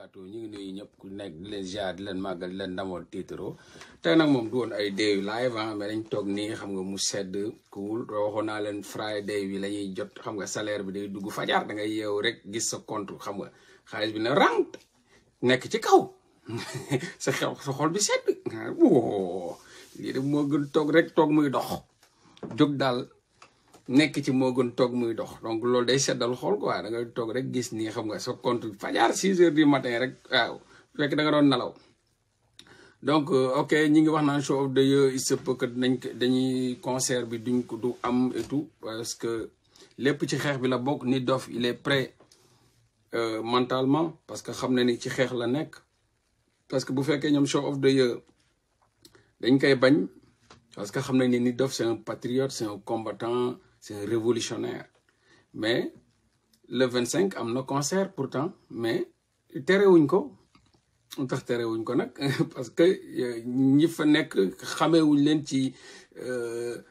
barakaatu ñu ngi nuyu ñëpp ku nekk di leen ziar di leen màggal di leen ndamool tiitaro te nag moom du woon ay day yu live ah, mais dañ toog nii xam nga mu sedd kuul waxoon naa leen friday bi la ñuy jot xam nga salaire bi day dugg fajar da ngay yeew rek gis sa compte xam nga xaalis bi na rang nekk ci kaw sa xool sa xol bi sedd lii de moo gën toog rek toog muy dox jóg daal nek ci mo gën tok muy dox donc loolu day sédal xol quoi da nga tok rek gis ni xam nga sa compte fajar 6h du matin rek waaw fekk da nga don nalaw donc euh, ok ñi ngi wax naan show of the year il se peut que dinañ dañuy concert bi duñ ko du am et tout parce que lépp ci xeex bi la bokk ni dof il est prêt euh, mentalement parce que xam na ni ci xeex la nekk parce que bu fekkee ñoom show of the year dañ koy bañ parce que xam na ni ni dof c'est un patriote c'est un combattant c'est un révolutionnaire mais le 25 a un concert pourtant mais terewuñ ko tax terewuñ ko nag parce que euh, ñi fa ci euh,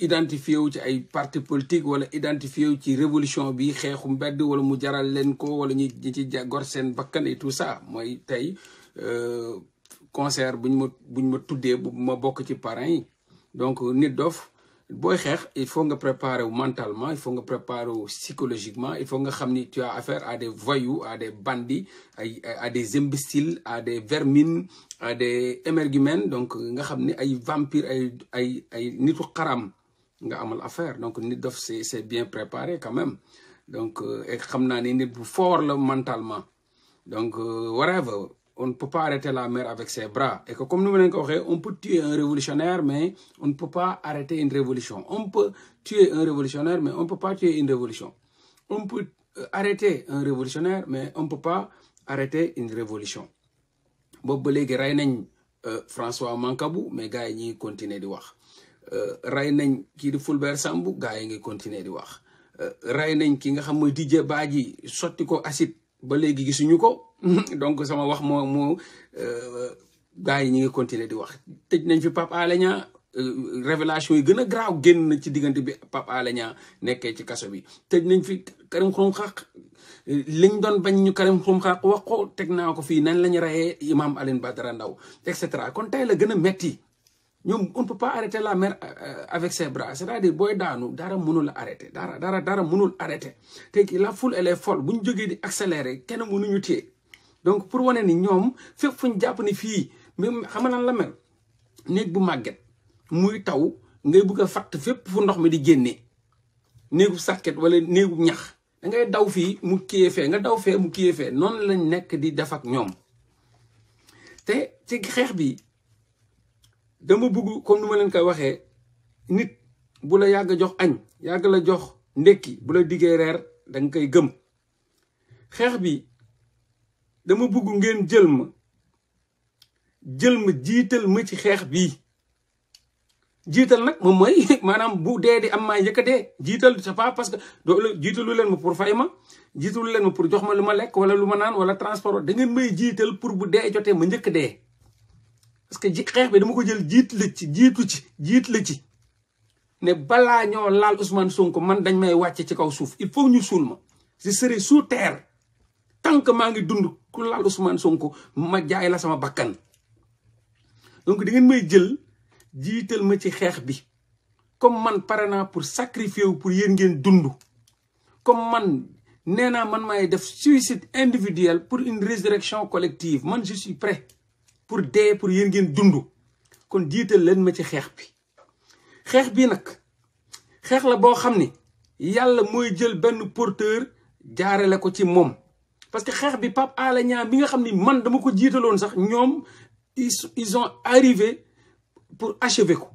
identifié wu parti politique identifié wu ci révolution bi wala mu jaral len ko wala ñi ci gor et tout ça tay euh concert buñ ma buñ ma tuddé ma donc nit dof il faut nga préparer mentalement il faut nga préparer psychologiquement il faut nga xam tu as affaire à des voyous à des bandits à des imbéciles à des vermines à des émerguments donc nga xamni ay vampires ay ay ay nitu nga amal affaire donc nit dof c'est bien préparé quand même donc euh, xam xamna ni nit bu fort le mentalement donc euh, whatever on ne peut pas arrêter la mer avec ses bras. Et comme nous venons de on peut tuer un révolutionnaire, mais on ne peut pas arrêter une révolution. On peut tuer un révolutionnaire, mais on ne peut pas tuer une révolution. On peut euh, arrêter un révolutionnaire, mais on ne peut pas arrêter une révolution. Bob euh, François Mankabou, mais gars, un de voir. ray qui un Fulbert Sambou gars continue ngi continuer di wax euh, ray ki nga xam mooy Didier Badji ko acide ba léegi gisuñu ko donc sama wax moo moo euh, gars yi ñu ngi continuer di wax tëj nañ fi Pape Alé Niang euh, révélation yi gën a graaw génn na ci diggante bi Pape Alé nekkee ci kaso bi tëj nañ fi Karim Xrum Xax liñ don bañ ñu Karim Xrum Xax wax ko teg naa ko fii nañ lañu rayee Imam Alioune Badara Ndao et cetera kon tey la gën a metti ñoom on peut pas arrêter la mer euh, euh, avec ses bras c'est-à-dire boy daanu dara mënul arrêter dara dara dara mënul arrêter te la foule elle est folle bu ñu jógee di accélérer kenn mënuñu téye donc pour wane ni ñoom fépp fu ñu jàpp ni fii même xam lan la mel néeg bu màgget muy taw ngay bëgg a fatt fépp fu ndox mi di génnee néegu sàkket wala néegu ñax da ngay daw fii mu kiyee fee nga daw fee mu kiyee fee noonu lañ nekk di def ak ñoom te ci xeex dama bugg comme nu ma leen koy waxee nit bu yàgg jox añ yàgg la jox ndekki bu la diggee reer danga koy gëm xeex bi dama bugg ngeen jël ma jël ma jiital ma ci xeex bii jiital nag moom mooy maanaam bu dee di am maa yëkkatee jiital c'est pas parce que doo jiitalu leen ma pour fay ma jiitalu leen ma pour jox ma lu ma lekk wala lu ma naan wala transport da ngeen may jiital pour bu dee jotee ma njëkk dee parce que xeex bi dama ko jël jiit la ci ci la ci ne bala ñoo lal Ousmane Sonko man dañ may wàcce ci kaw souf il faut ñu suul ma je serai sous terre tant que ngi dund ku lal Ousmane Sonko ma jaay la sama bakkan donc di ngeen may jël jiital ma ci xex bi comme man parana pour sacrifier pour yeen ngeen dund comme man nee man may def suicide individuel pour une résurrection collective man je suis prêt pour dé pour yéen ngeen dund kon jiital len ma ci xex bi xex bi nak xex la bo xamni yalla moy mooy jël benn porteur jaarale ko ci mom parce que xex bi Pape la Niang bi nga xamni man dama ko jiitaloon sax ñom ils ont arrivé pour achever ko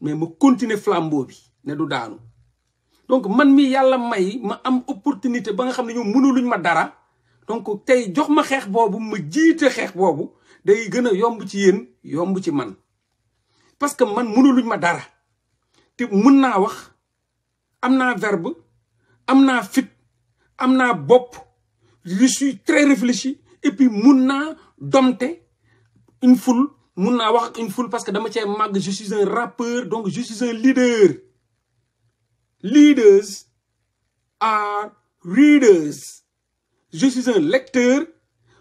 mais ma continuer flambeau bi ne du daanu donc man mi yalla may ma am opportunité ba nga xamni ñom mënu luñ ma dara donc tay jox ma xex bobu ma jiite xex bobu day gëna a yomb ci yeen yomb ci man parce que man mënuluñ ma dara té mun naa wax amna verbe amna fit amna bop je suis très réfléchi et puis mun naa domter une foule mun naa wax une foule parce que dama ci mag je suis un rappeur donc je suis un leader leaders are readers je suis un lecteur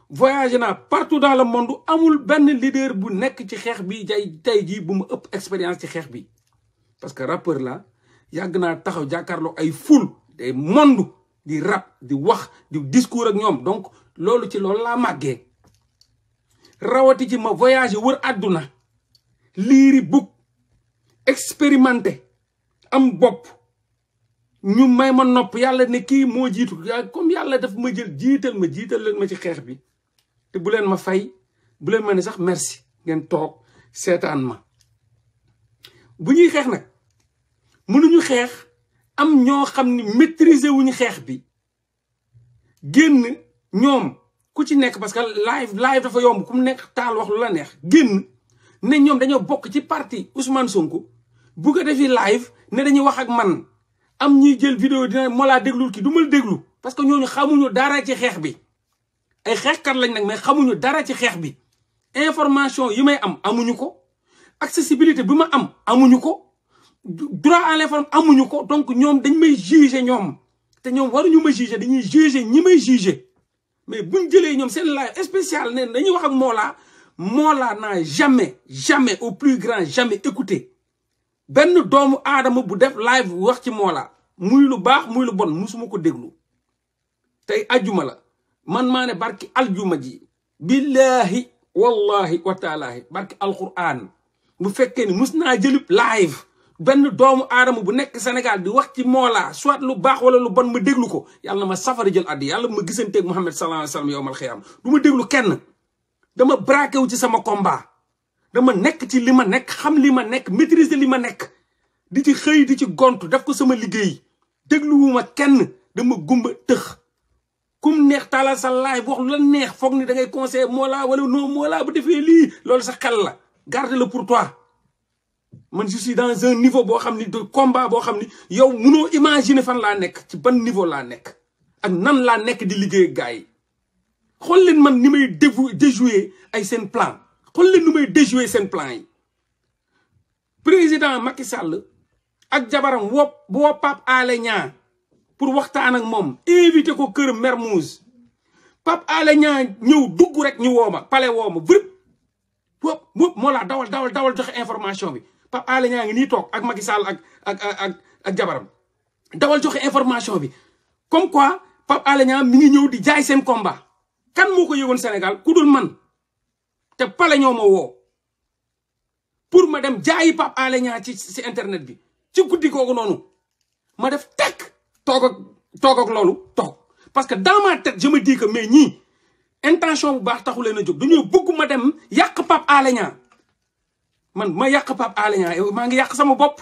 voyagé naa partout dans le monde amul benn leader bu nekk ci xeex bi jay tey jii bu ma ëpp expérience ci xeex bi parce que rappeur la yàgg naa taxaw jàkkaarloo ay foule des monde di rap di wax di discours ak ñoom donc loolu ci loolu laa màggee rawati ci ma voyagé wër adduna liiri bug expérimenté am bopp ñu may ma nopp yàlla ne kii moo jiitu comme yàlla daf ma jël jiital ma jiital leen ma ci xeex bi te bu leen ma fay bu leen ma ne sax merci ngeen toog seetaan ma bu ñuy xeex nag mënuñu xeex am ñoo xam ni maîtriser wuñu xeex bi génn ñoom ku ci nekk parce que live live dafa yomb ku mu nekk taal wax lu la neex génn ne ñoom dañoo bokk ci parti Ousmane Sonko bu ko defee live ne dañuy wax ak man am ñuy jël vidéo dina moo laa déglul ki du ma déglu parce que ñooñu xamuñu dara ci xeex bi ay xeexkat lañ nak mais xamuñu dara ci xex bi information yu may am amuñu ko accessibilité bima am amuñu ko droit à l'information amuñu ko donc ñom dañ may juger ñoom te ñoom waruñu ma juger dañuy juger ñi may juger mais buñ jëlé ñom seen live spécial né dañuy wax ak mola mola n'a jamais jamais au plus grand jamais écouté ben doomu adam bu def live wax ci mola muy lu bax muy lu bon musuma ko déglu tay ajjuma la man mane barki aljuma ji billahi wallahi wa ta'ala barki alquran bu fekke ni musna live ben doomu aadama bu nek senegal di wax ci mola soit lu bax wala lu bon ma deglu ko yalla ma safara jël addi yalla ma ak Muhammad sallallahu Alaihi Wasallam yowmal khiyam duma deglu kenn dama braqué wu ci sama combat dama nek ci lima nek xam lima nek maîtriser lima nek di ci xey di ci gontu daf ko sama kenn dama gumba teukh kum neex tala sa laay wax la neex foog ni da ngay conseil mola wala non mola bu defee li loolu sa xel la garde-le pour toi man je suis dans un niveau bo xamni de combat bo xamni yow munoo imaginer fan la nekk ci ban niveau la nekk ak nan la nekk di liggéey gaay yi xool leen man nimay déjouer ay sen plan xool leen numay déjouer sen plan yi président Macky Sall ak jabaram wop bo pap Alé pour waxtaan ak moom invité ko kër Mermoz Pape Alé Niang ñëw dugg rek ñu woo ma pale woo ma vërëb wop moo laa dawal dawal dawal joxe information bi Pape Alé Niang ngi nii toog ak Macky ak ak ak ak jabaram dawal joxe information bi comme quoi Pape Alé Niang mi ngi ñëw di jaay seen komba kan moo ko yëgoon Sénégal ku dul man te pale ñoo ma woo pour ma dem jaayi Pape Alé Niang ci ci internet bi ci guddi googu noonu ma def tekk Togok, lolu tok parce que dans ma tête je me dis que mais ñii intention bu baax taxu leena jog jóg bëgg ma dem yak pap Alé man ma yak pap Alé Niang yow maa ngi yàq sama bop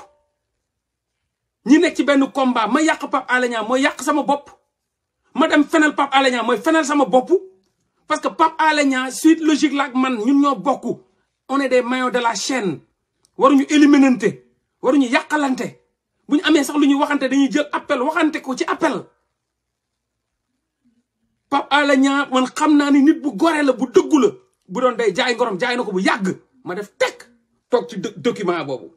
ñi nek ci benn combat ma yak pap Alé moy yak sama bop ma dem fenel pap Alé moy fenel sama bop parce que pap Alé suite logique lak man ñun ñoo bokku on est des maillons de la chaîne waruñu éliminante waruñu yakalanté buñ amé sax luñu waxanté dañuy jël appel waxanté ko ci appel pap ala ñaa man xamna ni nit bu goré la bu dëggu la bu doon day jaay ngorom jaay nako bu yagg ma def tek tok ci document boobu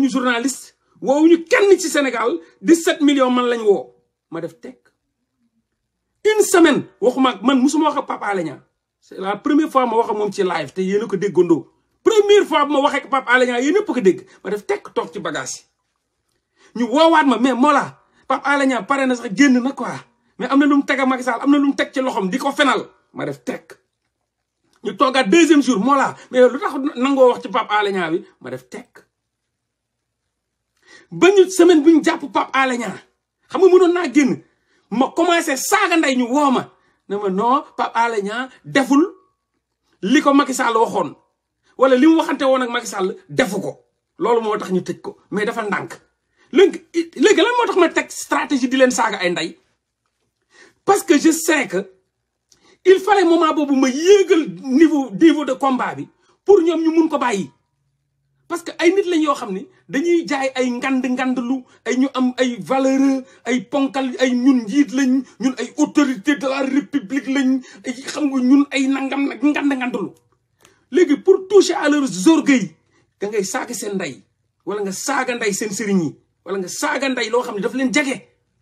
ñu journaliste ñu kenn ci sénégal 17 millions man lañ wo ma def tek une semaine waxuma man musuma wax ak pap ala c'est la première fois ma wax mom ci live te yéen a ko déggandoo première fois ma wax ak pap ala ñaar yéen ko dégg ma def tek tok ci bagage ñu wowat ma mais mola la ala ñaan paré na sax genn na quoi mais amna lu mu tégg Macky Sall amna lu mu tégg ci loxom di fénal ma def tek ñu toga deuxième jour mola mais lu tax nangoo wax ci Pape ala ñaan wi ma def tek ba ñu semaine buñu japp jàpp ala ñaan xam nga mënon na genn ma commencé saga nday ñu woma ma ne ma non Pape ala ñaan deful liko Macky Sall waxon wala limu waxante won ak Macky Sall defuko lolou loolu tax ñu tejj ko mais dafa ndank léegi léegi lan moo tax ma teg stratégie di leen saaga ay ndey parce que je sais que il fallait moment boobu ma yéegal niveau niveau de combat bi pour ñoom ñu mun ko bàyyi. parce que ay nit lañ yoo xam ni dañuy jaay ay ngand lu ay ñu am ay valeureux ay ponkal ay ñun njiit lañ ñun ay autorité de la république lañ ay xam nga ñun ay nangam nag ngand ngandlu léegi pour toucher à leurs orgueils da ngay saaga seen ndey wala nga saaga ndey seen sëriñ yi. wala nga saaga nday loo xam ne daf leen jege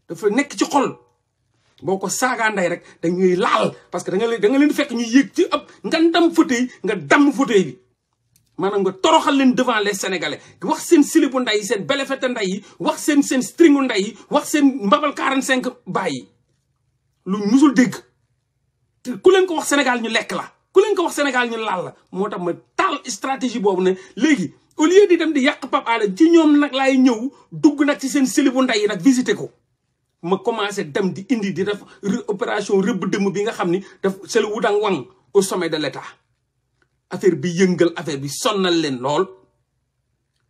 dafa nekk ci xol boo ko saaga nday rek dañuy laal parce que da nga leen danga leen fekk ñu yéeg ci ab nga ndam fauteuil nga damm fauteuil bi maanaam nga toroxal leen devant les sénégalais wax seen silibu nday yi seen belefete nday yi wax seen seen stringu nday yi wax seen mbabal 45 baay lu musul dégg te ku leen ko wax Sénégal ñu lekk la ku leen ko wax Sénégal ñu laal la moo tam ma taal stratégie boobu ne léegi au lieu di dem di yàq Pape Alé ci ñoom nag laay ñëw dugg nag ci seen selibu yi nag visité ko ma commencé dem di indi di def opération dëmm bi nga xam ni daf seli wu dang au sommet de l'État affaire bi yëngal affaire bi sonnal leen lool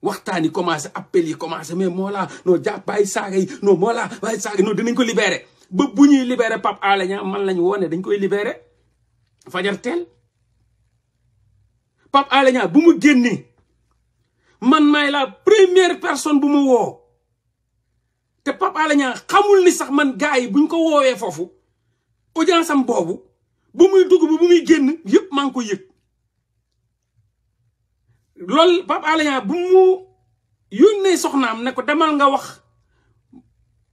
waxtaan yi commencé appel yi commencé mais moo noo jàpp bàyyi saaga yi non moo laa bàyyi saaga dinañ ko libéré ba bu ñuy libéré Pape Alé man lañ woone dañ koy libéré bu mu génnee man may la première personne bu ma wo te papa Alé Niang xamul ni sax man gaay buñ ko wowe fofu audience am bobu bu muy dugg bu muy genn yépp maa ngi ko yépp lol papa Alé Niang bu mu yónnee soxnam ne ko demal nga wax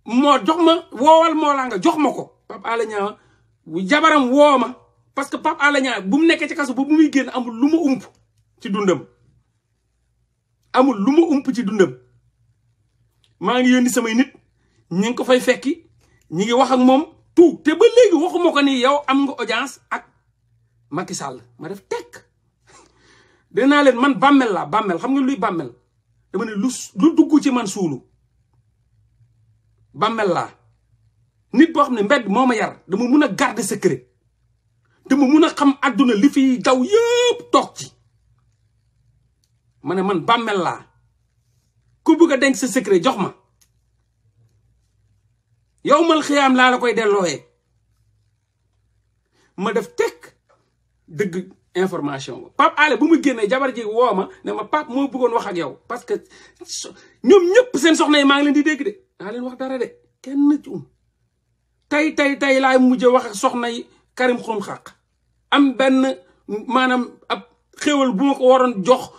mo jox ma nga jox ko Pape jabaram woo parce que papa Alé bu mu nekk ci kasso bu muy genn amul luma ump ci dundam amul lu mu ump ci dundam ma ngi yoni samay nit ñi ngi ko fay fekki ñi ngi wax ak mom tout te ba legi waxumako ni yow am nga audience ak Macky Sall ma def tekk len man bammel la bammel xam nga luy bammel dama ne lu duggu ci man sulu bammel la nit bo xamne mbedd moma yar dama mun garder secret dama mun xam aduna li fi daw yëpp tok ci ma ne man bàmmel laa ku bëgg a denc sa secret jox ma yow mal xiyaam laa la koy dellooyee ma def tek dëgg information ba Pape Alé bu mu génnee jabar ji woo ma ne ma Pape moo bëggoon wax ak yow parce que ñoom ñëpp seen soxna yi maa ngi leen di dégg de naa leen wax dara de kenn ci um tey tey tey laay mujj wax ak soxna yi Karim Xurum Xaq am benn maanaam ab xéwal bu ma ko waroon jox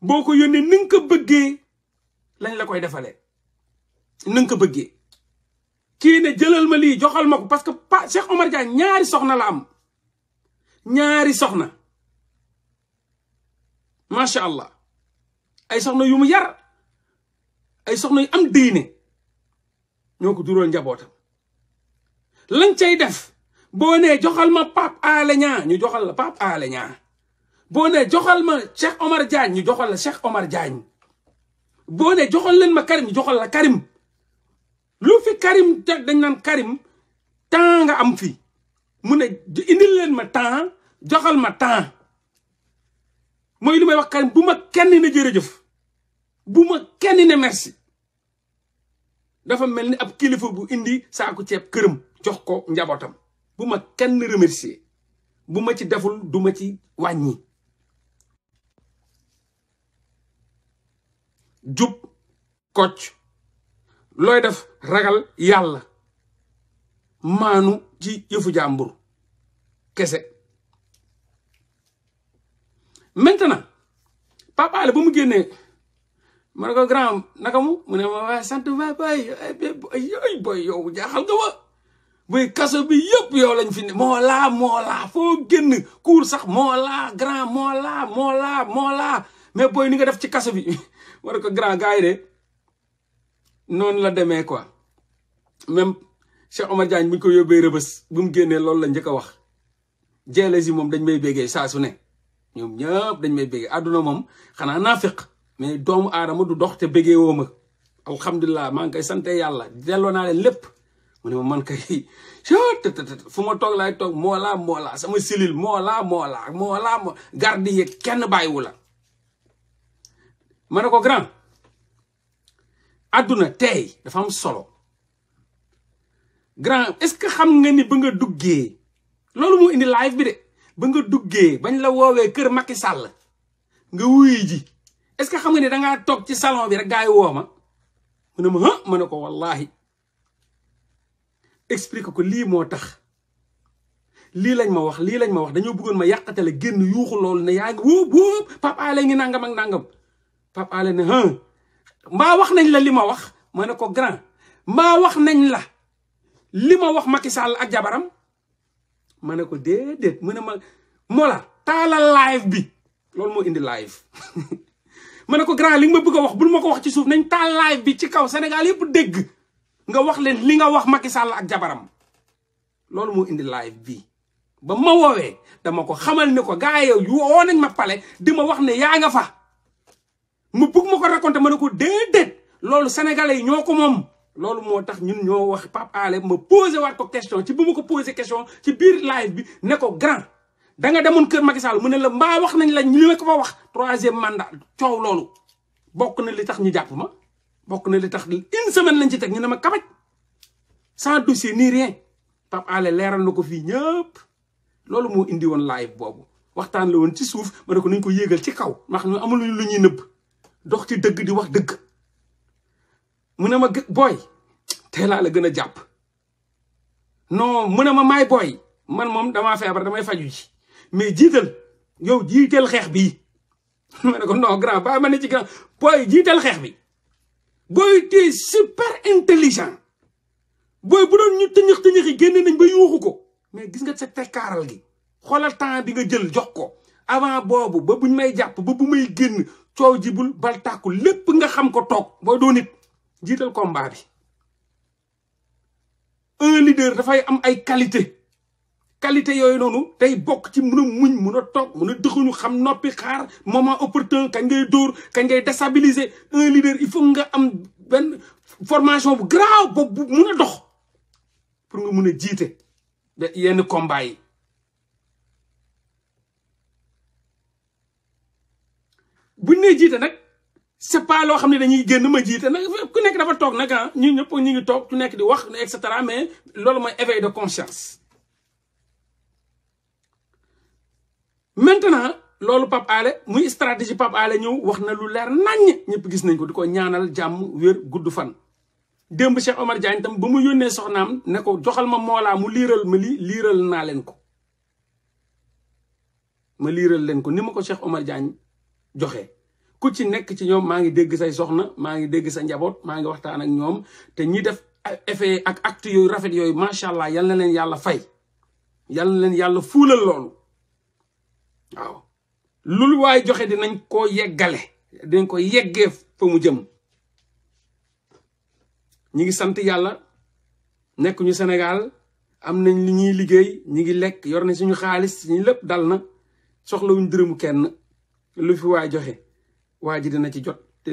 boko yone nungke ni nga ko bëggee lañ la koy défalé ni nga ko bëggee ki né jëlal ma li joxal mako parce que Cheikh Omar dia ñaari soxna la am ñaari soxna sha allah ay soxna yu mu yar ay soxna yu am diiné ñoko ko duróol lañ cey def bo né joxal ma pap Alé ñu joxal la pap boo nee joxal ma Cheikh Omar Diagne ñu joxal la Cheikh Omar Diagne boo nee joxal leen ma Karim ñu joxal la Karim lu fi Karim teg dañ naan Karim temps nga am fi mu ne indil leen ma temps joxal ma temps mooy li may wax Karim bu ma kenn ne jërëjëf bu ma kenn ne merci dafa mel ni ab kilifa bu indi saaku ceeb këram jox ko njabootam bu ma kenn remercier bu ma ci deful du ma ci wàññi Jup, koch loy def ragal yalla manu ci yefu jambour kese maintenant Papa le bamu mu génnee gram ne mune ma wa sant waay bay ay boy yow jaaxal nga wa boy kasso bi yep yow lañ fi mola, mola, laa moo laa sax grand mais booy ni nga def ci kaso bi war ko grand gars de noonu la demee quoi même Cheikh Omar Diagne bu ñu ko yóbbee rëbës bu mu génnee loolu la njëkk a wax jeeles yi moom dañ may béggee saasu ne ñoom ñëpp dañ may béggee àdduna moom xanaa naafiq mais doomu aadama du dox te béggee woo ma alhamdulilah maa ngi koy sante yàlla delloo naa leen lépp mu ne ma man kay fu ma toog laay toog moolaa moolaa sama silil moolaa moolaa moolaa moo garde yeeg kenn bàyyiwu la ma ne ko grand àdduna tey dafa am solo grand est-ce que xam nga ni ba nga duggee loolu moo indi live bi de ba nga duggee bañ la woowee kër Macky sàll nga wuyu ji est-ce que xam nga ni dangaa toog ci salon bi rek gars yi woo ma mu ne ma ma ne ko wallaahi explique ko lii moo tax lii lañ ma wax lii lañ ma wax dañoo bëggoon ma yàqatale génn yuuxu loolu ne yaa ngi wóob wóob Pape Alé ngi nangam ak nangam Pape Alé ne mbaa wax nañ la li ma wax ma ne ko grand mbaa wax nañ la li ma wax Macky Sall ak jabaram ma ne ko déedéet mu ne ma Mollah taalal live bi loolu moo indi live ma ne ko grand li ma bëgg a wax bul ma ko wax ci suuf nañ taal live bi ci kaw Sénégal yëpp dégg nga wax leen li nga wax Macky Sall ak jabaram loolu moo indi live bi ba ma woowee dama ko xamal ne ko gars yow woo nañ ma pale di ma wax ne yaa nga fa mu bëgg ma ko raconter ma ne ko déedéet loolu sénégalais yi ñoo ko moom loolu moo tax ñun ñoo wax Pape ale ma posé waat ko question ci bu ma ko posé question ci biir live bi ne ko grand danga nga demoon kër Macky Sall mu ne la mbaa wax nañ la ñu ne ko fa wax troisième mandat coow loolu bokk na li tax ñu jàpp ma bokk na li tax une semaine lañ ci teg ñu ne ma kabaj sans dossier ni rien Pape Alé leeral na ko fii ñëpp loolu moo indi woon live boobu waxtaan la woon ci suuf ma ne ko nañ ko yéegal ci kaw wax ñu amul lu ñuy nëbb dox ci deug di wax deug mu ne ma booy tey laa la gëna japp non mu ma man mom dama feebar damay faju ci mais jital yow jital xex bi mané ko non grand ba mané ci grand boy jital xex bi boy té super intelligent boy bu doon ñu tëñëx tëñëx yi gënë nañ ba yuuxu ko mais gis nga sa tekkaaral gi xolal temps bi nga jël jox ko avant bobu ba buñ may japp ba bu may génn coow jibul bal tàkku lépp nga xam ko toog booy doo nit jiital combat bi un leader dafay am ay qualité qualité yooyu noonu day bokk ci mun a muñ mun a toog mun a dëxuñu xam noppi xaar moment opportun kañ ngay dóor kañ ngay déstabiliser un leader il faut nga am benn formation bu garaaw boobu mun a dox pour nga mun a jiite yenn combat buñu jité nak c'est pas lo xamné dañuy genn ma jité nak ku nek dafa tok nak ah, ñun ñep ñi ngi tok ku nek di wax et cetera mais lolu moy éveil de conscience maintenant lolu pap Alé muy stratégie pap Alé ñëw wax na lu leer nañ ñep gis nañ ko di ñaanal jamm wër guddu fan demb Cheikh Omar Diagne tam bamu mu soxnam ne ko joxal ma mola mu liral ma li liral na len ko ma liral len ko nima ko Cheikh Omar Diagne joxe ku ci nekk ci ñoom maa ngi dégg say soxna maa ngi dégg sa njaboot maa ngi waxtaan ak ñoom te ñi def effet ak acte yooyu rafet yooyu macha allah yal na leen yàlla fay yal leen yàlla fuulal loolu waaw loolu waaye joxe dinañ koo yeggale dinañ ko yeggee fa mu jëm ñi ngi sant yàlla nekk ñu Sénégal am nañ li ñuy liggéey ñi ngi lekk yor na suñu xaalis ñu lépp dal na soxlawuñ dërëmu kenn lu fi waay joxe waa dina ci jot te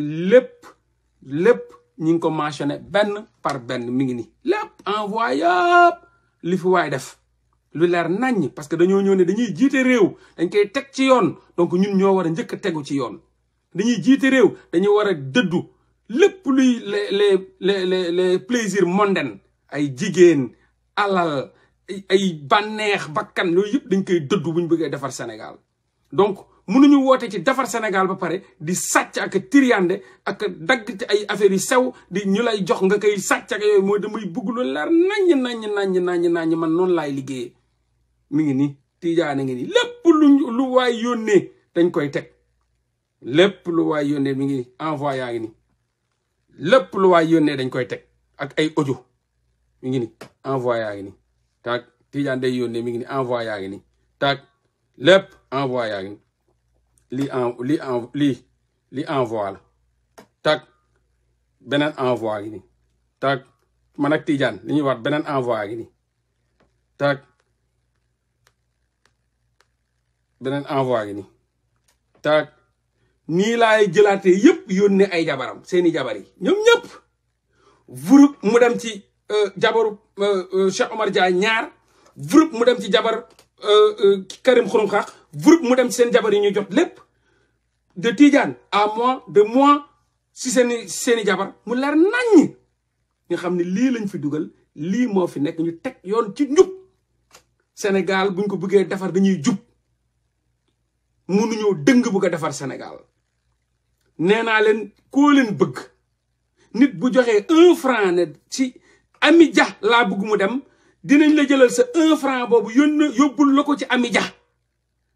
ko par ben, mi lep, envoyé li def parce que de ñëw ne dañuy jité rew dañ koy ci donc ñun ñoo wara ci yoon dañuy jité rew les les les les plaisirs mondains ay les alal ay Banner bakkan Lu yip dañ koy dëddu bu Sénégal donc mënuñu woote ci defar Sénégal ba pare di sàcc ak tiriyande ak dagg ci ay affaires yu sew di ñu lay jox nga koy sàcc ak yooyu mooy damay bugg lu leer nañ naññ naññ naññ naññ man noonu laay liggéeyee mi ngi nii tijaane ngi nii lépp lu waay yoon yónnee dañ koy teg lépp lu waay yónnee mi ngi envoyé yaa ngi nii lépp lu waay yónnee dañ koy teg ak ay audio mi ngi ni envoyé yaa ngi nii taag tijaan day yónnee mi ngi ni envoyé yaa ngi nii taag lépp envoyé yaa ngi lii en lii en lii lii envoi la tag beneen envoi gi ni tag man ak Tidiane li ñuy wax beneen envoi gi ni tag beneen envoi gi ni tag nii laay jëlaatee yëpp yónnee ay jabaram seeni jabar yi ñoom ñëpp vroup mu dem ci euh, jabaru euh, euh, Cheikh Omar Dia ñaar vroup mu dem ci jabar Karim Xurum Xaax vroup mu dem ci seen jabar yi ñu jot lépp de Tidiane à mois de mois si seeni seeni jabar mu leer ñi ñu xam ne lii lañ fi dugal lii moo fi nekk ñu teg yoon ci njub Sénégal buñ ko buggee defar dañuy jub mënuñoo dëng bu defar Sénégal nee naa leen koo leen bëgg nit bu joxee un franc ne ci jax laa bëgg mu dem dinañ la jëlal sa un franc boobu yónn yóbbul la ko ci Amidia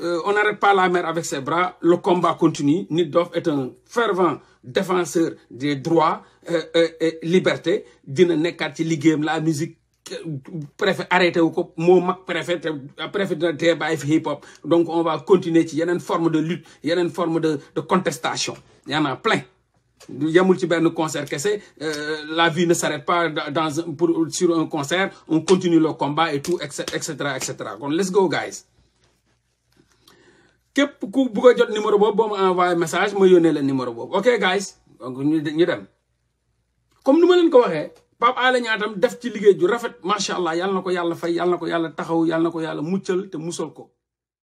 Euh, on n'arrête pas la mer avec ses bras, le combat continue. Nidov est un fervent défenseur des droits euh, euh, et liberté. Dina nekkat ci la musique préfet arrêter. mo préfet hip hop. Donc on va continuer a une forme de lutte, Il y une forme de contestation. Il y en a plein. yamul ci ben concert concerts. la vie ne s'arrête pas dans pour sur un concert on continue le combat et tout etc etc let's go guys képp ku bugg a jot numéro boobu boobu ma envoyé message ma yónnee numéro boobu ok guys donc ñu ñu dem comme nu ma leen ko waxe Pape Alé Niang tam def ci liggéey ju rafet macha allah yàlla na ko yàlla fay yàlla ko yàlla taxaw yàlla na ko yàlla muccal te musal ko.